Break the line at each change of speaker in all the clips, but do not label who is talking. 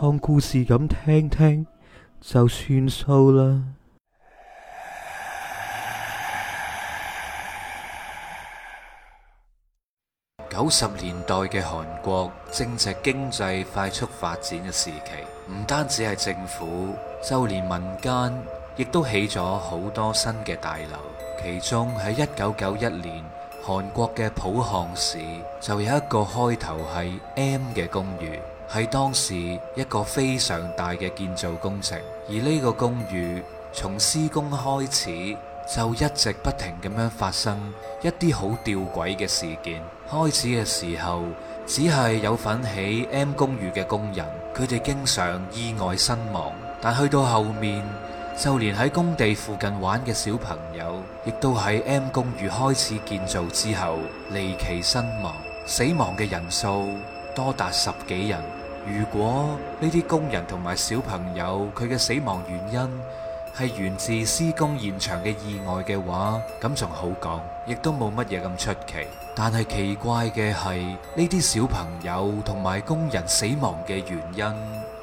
當故事咁聽聽就算數啦。九十年代嘅韓國正值經濟快速發展嘅時期，唔單止係政府，就連民間亦都起咗好多新嘅大樓。其中喺一九九一年，韓國嘅浦項市就有一個開頭係 M 嘅公寓。係當時一個非常大嘅建造工程，而呢個公寓從施工開始就一直不停咁樣發生一啲好吊詭嘅事件。開始嘅時候只係有份起 M 公寓嘅工人，佢哋經常意外身亡。但去到後面，就連喺工地附近玩嘅小朋友，亦都喺 M 公寓開始建造之後離奇身亡，死亡嘅人數多達十幾人。如果呢啲工人同埋小朋友佢嘅死亡原因係源自施工現場嘅意外嘅話，咁仲好講，亦都冇乜嘢咁出奇。但係奇怪嘅係，呢啲小朋友同埋工人死亡嘅原因，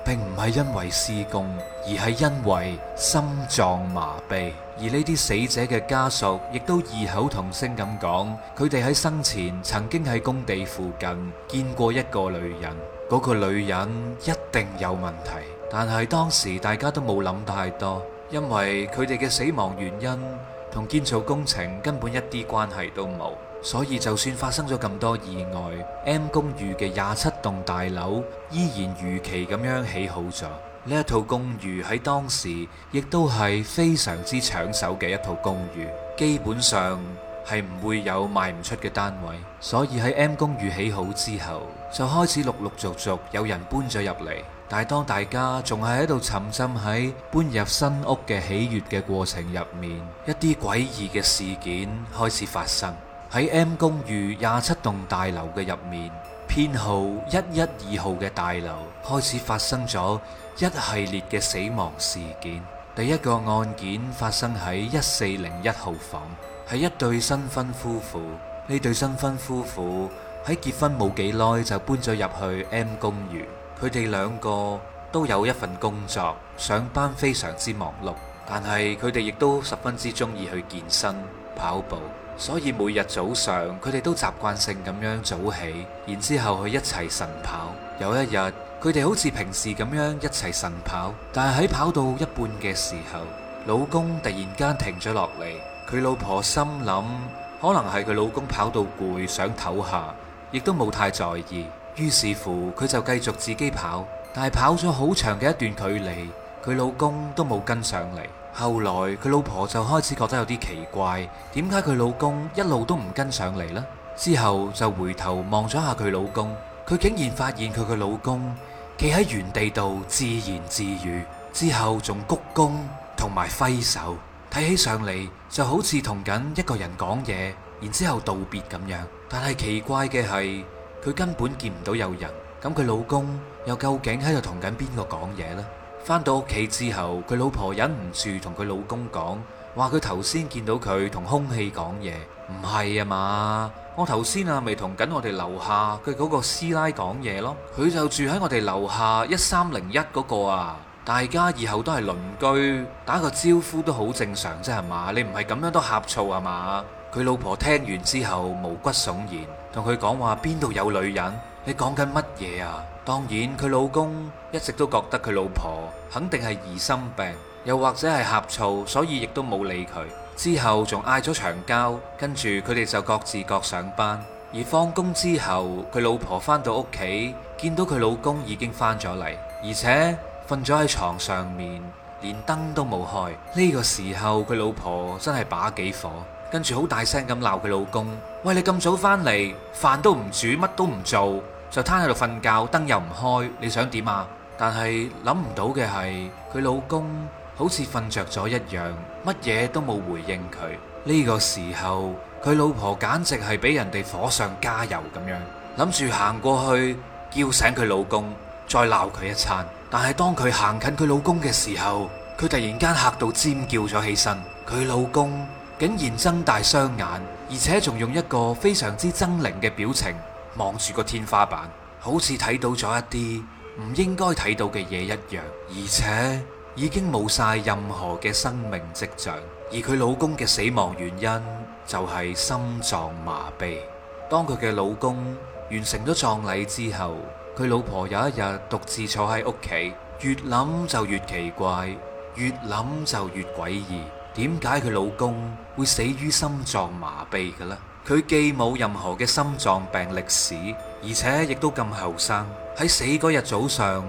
並唔係因為施工，而係因為心臟麻痹。而呢啲死者嘅家屬亦都異口同聲咁講，佢哋喺生前曾經喺工地附近見過一個女人。嗰個女人一定有問題，但係當時大家都冇諗太多，因為佢哋嘅死亡原因同建造工程根本一啲關係都冇，所以就算發生咗咁多意外，M 公寓嘅廿七棟大樓依然如期咁樣起好咗。呢一套公寓喺當時亦都係非常之搶手嘅一套公寓，基本上，係唔會有賣唔出嘅單位，所以喺 M 公寓起好之後，就開始陸陸續續有人搬咗入嚟。但係當大家仲係喺度沉浸喺搬入新屋嘅喜悅嘅過程入面，一啲詭異嘅事件開始發生喺 M 公寓廿七棟大樓嘅入面，編號一一二號嘅大樓開始發生咗一系列嘅死亡事件。第一個案件發生喺一四零一號房。係一對新婚夫婦，呢對新婚夫婦喺結婚冇幾耐就搬咗入去 M 公寓。佢哋兩個都有一份工作，上班非常之忙碌，但係佢哋亦都十分之中意去健身跑步，所以每日早上佢哋都習慣性咁樣早起，然之後去一齊晨跑。有一日，佢哋好似平時咁樣一齊晨跑，但係喺跑到一半嘅時候，老公突然間停咗落嚟。佢老婆心諗，可能係佢老公跑到攰，想唞下，亦都冇太在意。於是乎，佢就繼續自己跑，但係跑咗好長嘅一段距離，佢老公都冇跟上嚟。後來佢老婆就開始覺得有啲奇怪，點解佢老公一路都唔跟上嚟呢？之後就回頭望咗下佢老公，佢竟然發現佢嘅老公企喺原地度自言自語，之後仲鞠躬同埋揮手。睇起上嚟，就好似同緊一個人講嘢，然之後道別咁樣。但係奇怪嘅係，佢根本見唔到有人。咁佢老公又究竟喺度同緊邊個講嘢呢？返到屋企之後，佢老婆忍唔住同佢老公講，話佢頭先見到佢同空氣講嘢。唔係啊嘛？我頭先啊，咪同緊我哋樓下佢嗰個師奶講嘢咯。佢就住喺我哋樓下一三零一嗰個啊。大家以後都係鄰居，打個招呼都好正常啫，係嘛？你唔係咁樣都呷醋，係嘛？佢老婆聽完之後毛骨悚然，同佢講話邊度有女人？你講緊乜嘢啊？當然，佢老公一直都覺得佢老婆肯定係疑心病，又或者係呷醋，所以亦都冇理佢。之後仲嗌咗長交，跟住佢哋就各自各上班。而放工之後，佢老婆翻到屋企，見到佢老公已經翻咗嚟，而且，瞓咗喺床上面，連燈都冇開。呢個時候佢老婆真係把幾火，跟住好大聲咁鬧佢老公：喂，你咁早返嚟，飯都唔煮，乜都唔做，就攤喺度瞓覺，燈又唔開，你想點啊？但係諗唔到嘅係，佢老公好似瞓着咗一樣，乜嘢都冇回應佢。呢個時候佢老婆簡直係俾人哋火上加油咁樣，諗住行過去叫醒佢老公。再鬧佢一餐，但係當佢行近佢老公嘅時候，佢突然間嚇到尖叫咗起身。佢老公竟然睜大雙眼，而且仲用一個非常之猙獰嘅表情望住個天花板，好似睇到咗一啲唔應該睇到嘅嘢一樣，而且已經冇晒任何嘅生命跡象。而佢老公嘅死亡原因就係心臟麻痹。當佢嘅老公完成咗葬禮之後。佢老婆有一日獨自坐喺屋企，越諗就越奇怪，越諗就越詭異。點解佢老公會死於心臟麻痹嘅呢？佢既冇任何嘅心臟病歷史，而且亦都咁後生。喺死嗰日早上，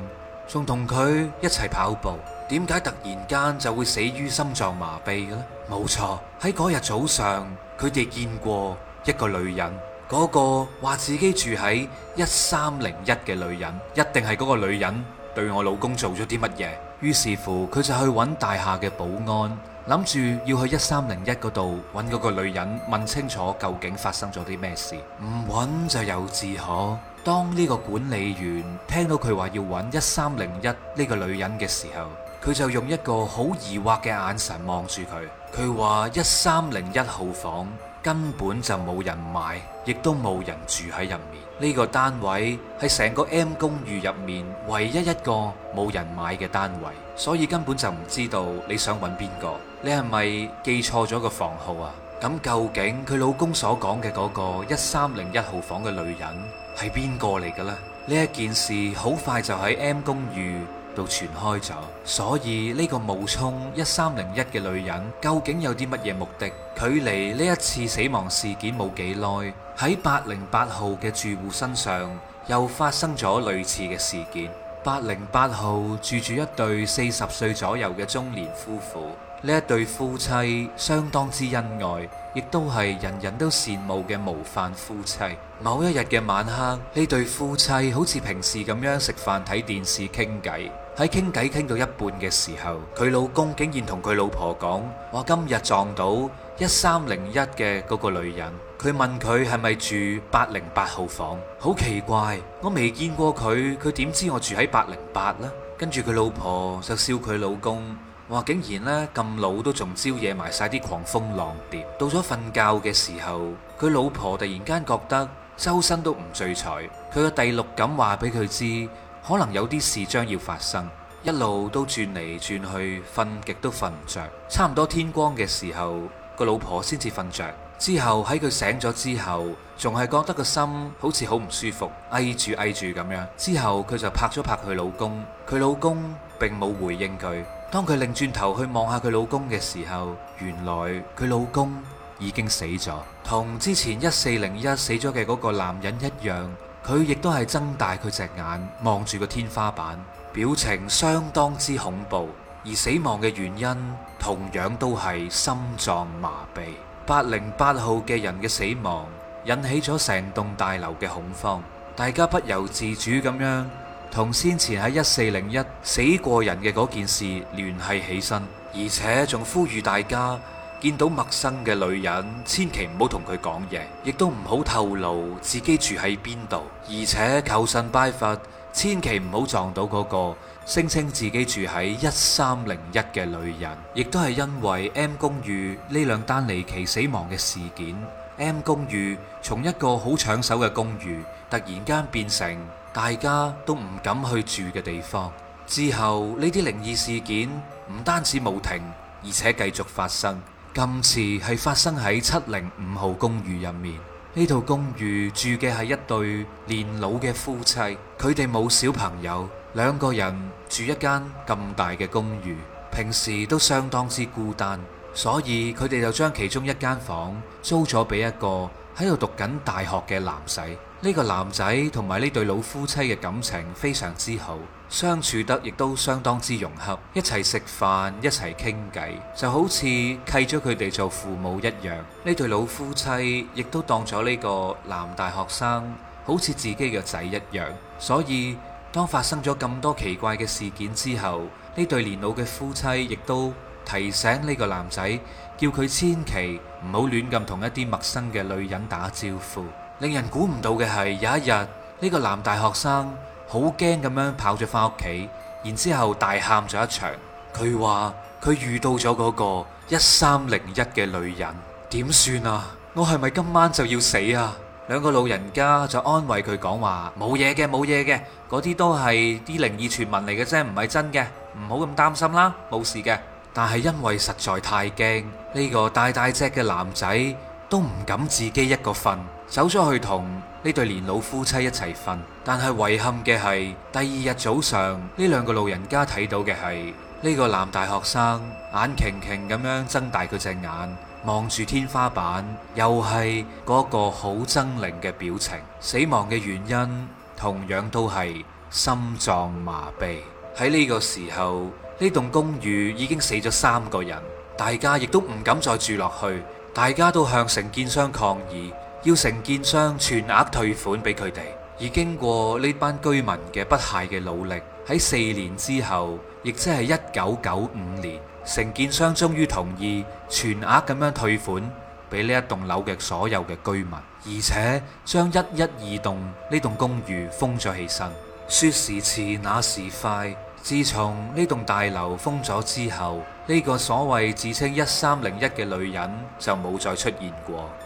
仲同佢一齊跑步。點解突然間就會死於心臟麻痹嘅呢？冇錯，喺嗰日早上，佢哋見過一個女人。嗰個話自己住喺一三零一嘅女人，一定係嗰個女人對我老公做咗啲乜嘢。於是乎，佢就去揾大廈嘅保安，諗住要去一三零一嗰度揾嗰個女人，問清楚究竟發生咗啲咩事。唔揾就由自可。當呢個管理員聽到佢話要揾一三零一呢個女人嘅時候，佢就用一個好疑惑嘅眼神望住佢。佢話一三零一號房，根本就冇人買，亦都冇人住喺入面。呢個單位係成個 M 公寓入面唯一一個冇人買嘅單位，所以根本就唔知道你想揾邊個。你係咪記錯咗個房號啊？咁究竟佢老公所講嘅嗰個一三零一號房嘅女人係邊個嚟嘅呢？呢一件事好快就喺 M 公寓。到傳開咗，所以呢個冒充一三零一嘅女人究竟有啲乜嘢目的？距離呢一次死亡事件冇幾耐，喺八零八號嘅住戶身上又發生咗類似嘅事件。八零八號住住一對四十歲左右嘅中年夫婦，呢一對夫妻相當之恩愛，亦都係人人都羨慕嘅模範夫妻。某一日嘅晚黑，呢對夫妻好似平時咁樣食飯、睇電視、傾偈。喺傾偈傾到一半嘅時候，佢老公竟然同佢老婆講：話今日撞到一三零一嘅嗰個女人。佢問佢係咪住八零八號房，好奇怪，我未見過佢，佢點知我住喺八零八呢？跟住佢老婆就笑佢老公：話竟然呢咁老都仲招惹埋晒啲狂蜂浪蝶。到咗瞓覺嘅時候，佢老婆突然間覺得周身都唔聚財，佢嘅第六感話俾佢知。可能有啲事將要發生，一路都轉嚟轉去，瞓極都瞓唔着。差唔多天光嘅時候，個老婆先至瞓着。之後喺佢醒咗之後，仲係覺得個心好似好唔舒服，翳住翳住咁樣。之後佢就拍咗拍佢老公，佢老公並冇回應佢。當佢擰轉頭去望下佢老公嘅時候，原來佢老公已經死咗，同之前一四零一死咗嘅嗰個男人一樣。佢亦都係睜大佢隻眼望住個天花板，表情相當之恐怖。而死亡嘅原因同樣都係心臟麻痹。八零八號嘅人嘅死亡引起咗成棟大樓嘅恐慌，大家不由自主咁樣同先前喺一四零一死過人嘅嗰件事聯繫起身，而且仲呼籲大家。見到陌生嘅女人，千祈唔好同佢講嘢，亦都唔好透露自己住喺邊度。而且求神拜佛，千祈唔好撞到嗰個聲稱自己住喺一三零一嘅女人。亦都係因為 M 公寓呢兩單離奇死亡嘅事件，M 公寓從一個好搶手嘅公寓，突然間變成大家都唔敢去住嘅地方。之後呢啲靈異事件唔單止冇停，而且繼續發生。今次係發生喺七零五號公寓入面，呢套公寓住嘅係一對年老嘅夫妻，佢哋冇小朋友，兩個人住一間咁大嘅公寓，平時都相當之孤單，所以佢哋就將其中一間房租咗俾一個喺度讀緊大學嘅男仔。呢個男仔同埋呢對老夫妻嘅感情非常之好，相處得亦都相當之融洽，一齊食飯，一齊傾偈，就好似契咗佢哋做父母一樣。呢對老夫妻亦都當咗呢個男大學生好似自己嘅仔一樣。所以當發生咗咁多奇怪嘅事件之後，呢對年老嘅夫妻亦都提醒呢個男仔，叫佢千祈唔好亂咁同一啲陌生嘅女人打招呼。令人估唔到嘅係，有一日呢個男大學生好驚咁樣跑咗返屋企，然之後大喊咗一場。佢話佢遇到咗嗰個一三零一嘅女人，點算啊？我係咪今晚就要死啊？兩個老人家就安慰佢講話冇嘢嘅，冇嘢嘅，嗰啲都係啲靈異傳聞嚟嘅啫，唔係真嘅，唔好咁擔心啦，冇事嘅。但係因為實在太驚，呢個大大隻嘅男仔都唔敢自己一個瞓。走咗去同呢對年老夫妻一齊瞓，但係遺憾嘅係，第二日早上呢兩個老人家睇到嘅係呢個男大學生眼擎擎咁樣睜大佢隻眼望住天花板，又係嗰個好猙獰嘅表情。死亡嘅原因同樣都係心臟麻痹。喺呢個時候，呢棟公寓已經死咗三個人，大家亦都唔敢再住落去，大家都向承建商抗議。要承建商全額退款俾佢哋。而經過呢班居民嘅不懈嘅努力，喺四年之後，亦即係一九九五年，承建商終於同意全額咁樣退款俾呢一棟樓嘅所有嘅居民，而且將一一二棟呢棟公寓封咗起身。說時遲，那時快，自從呢棟大樓封咗之後，呢個所謂自稱一三零一嘅女人就冇再出現過。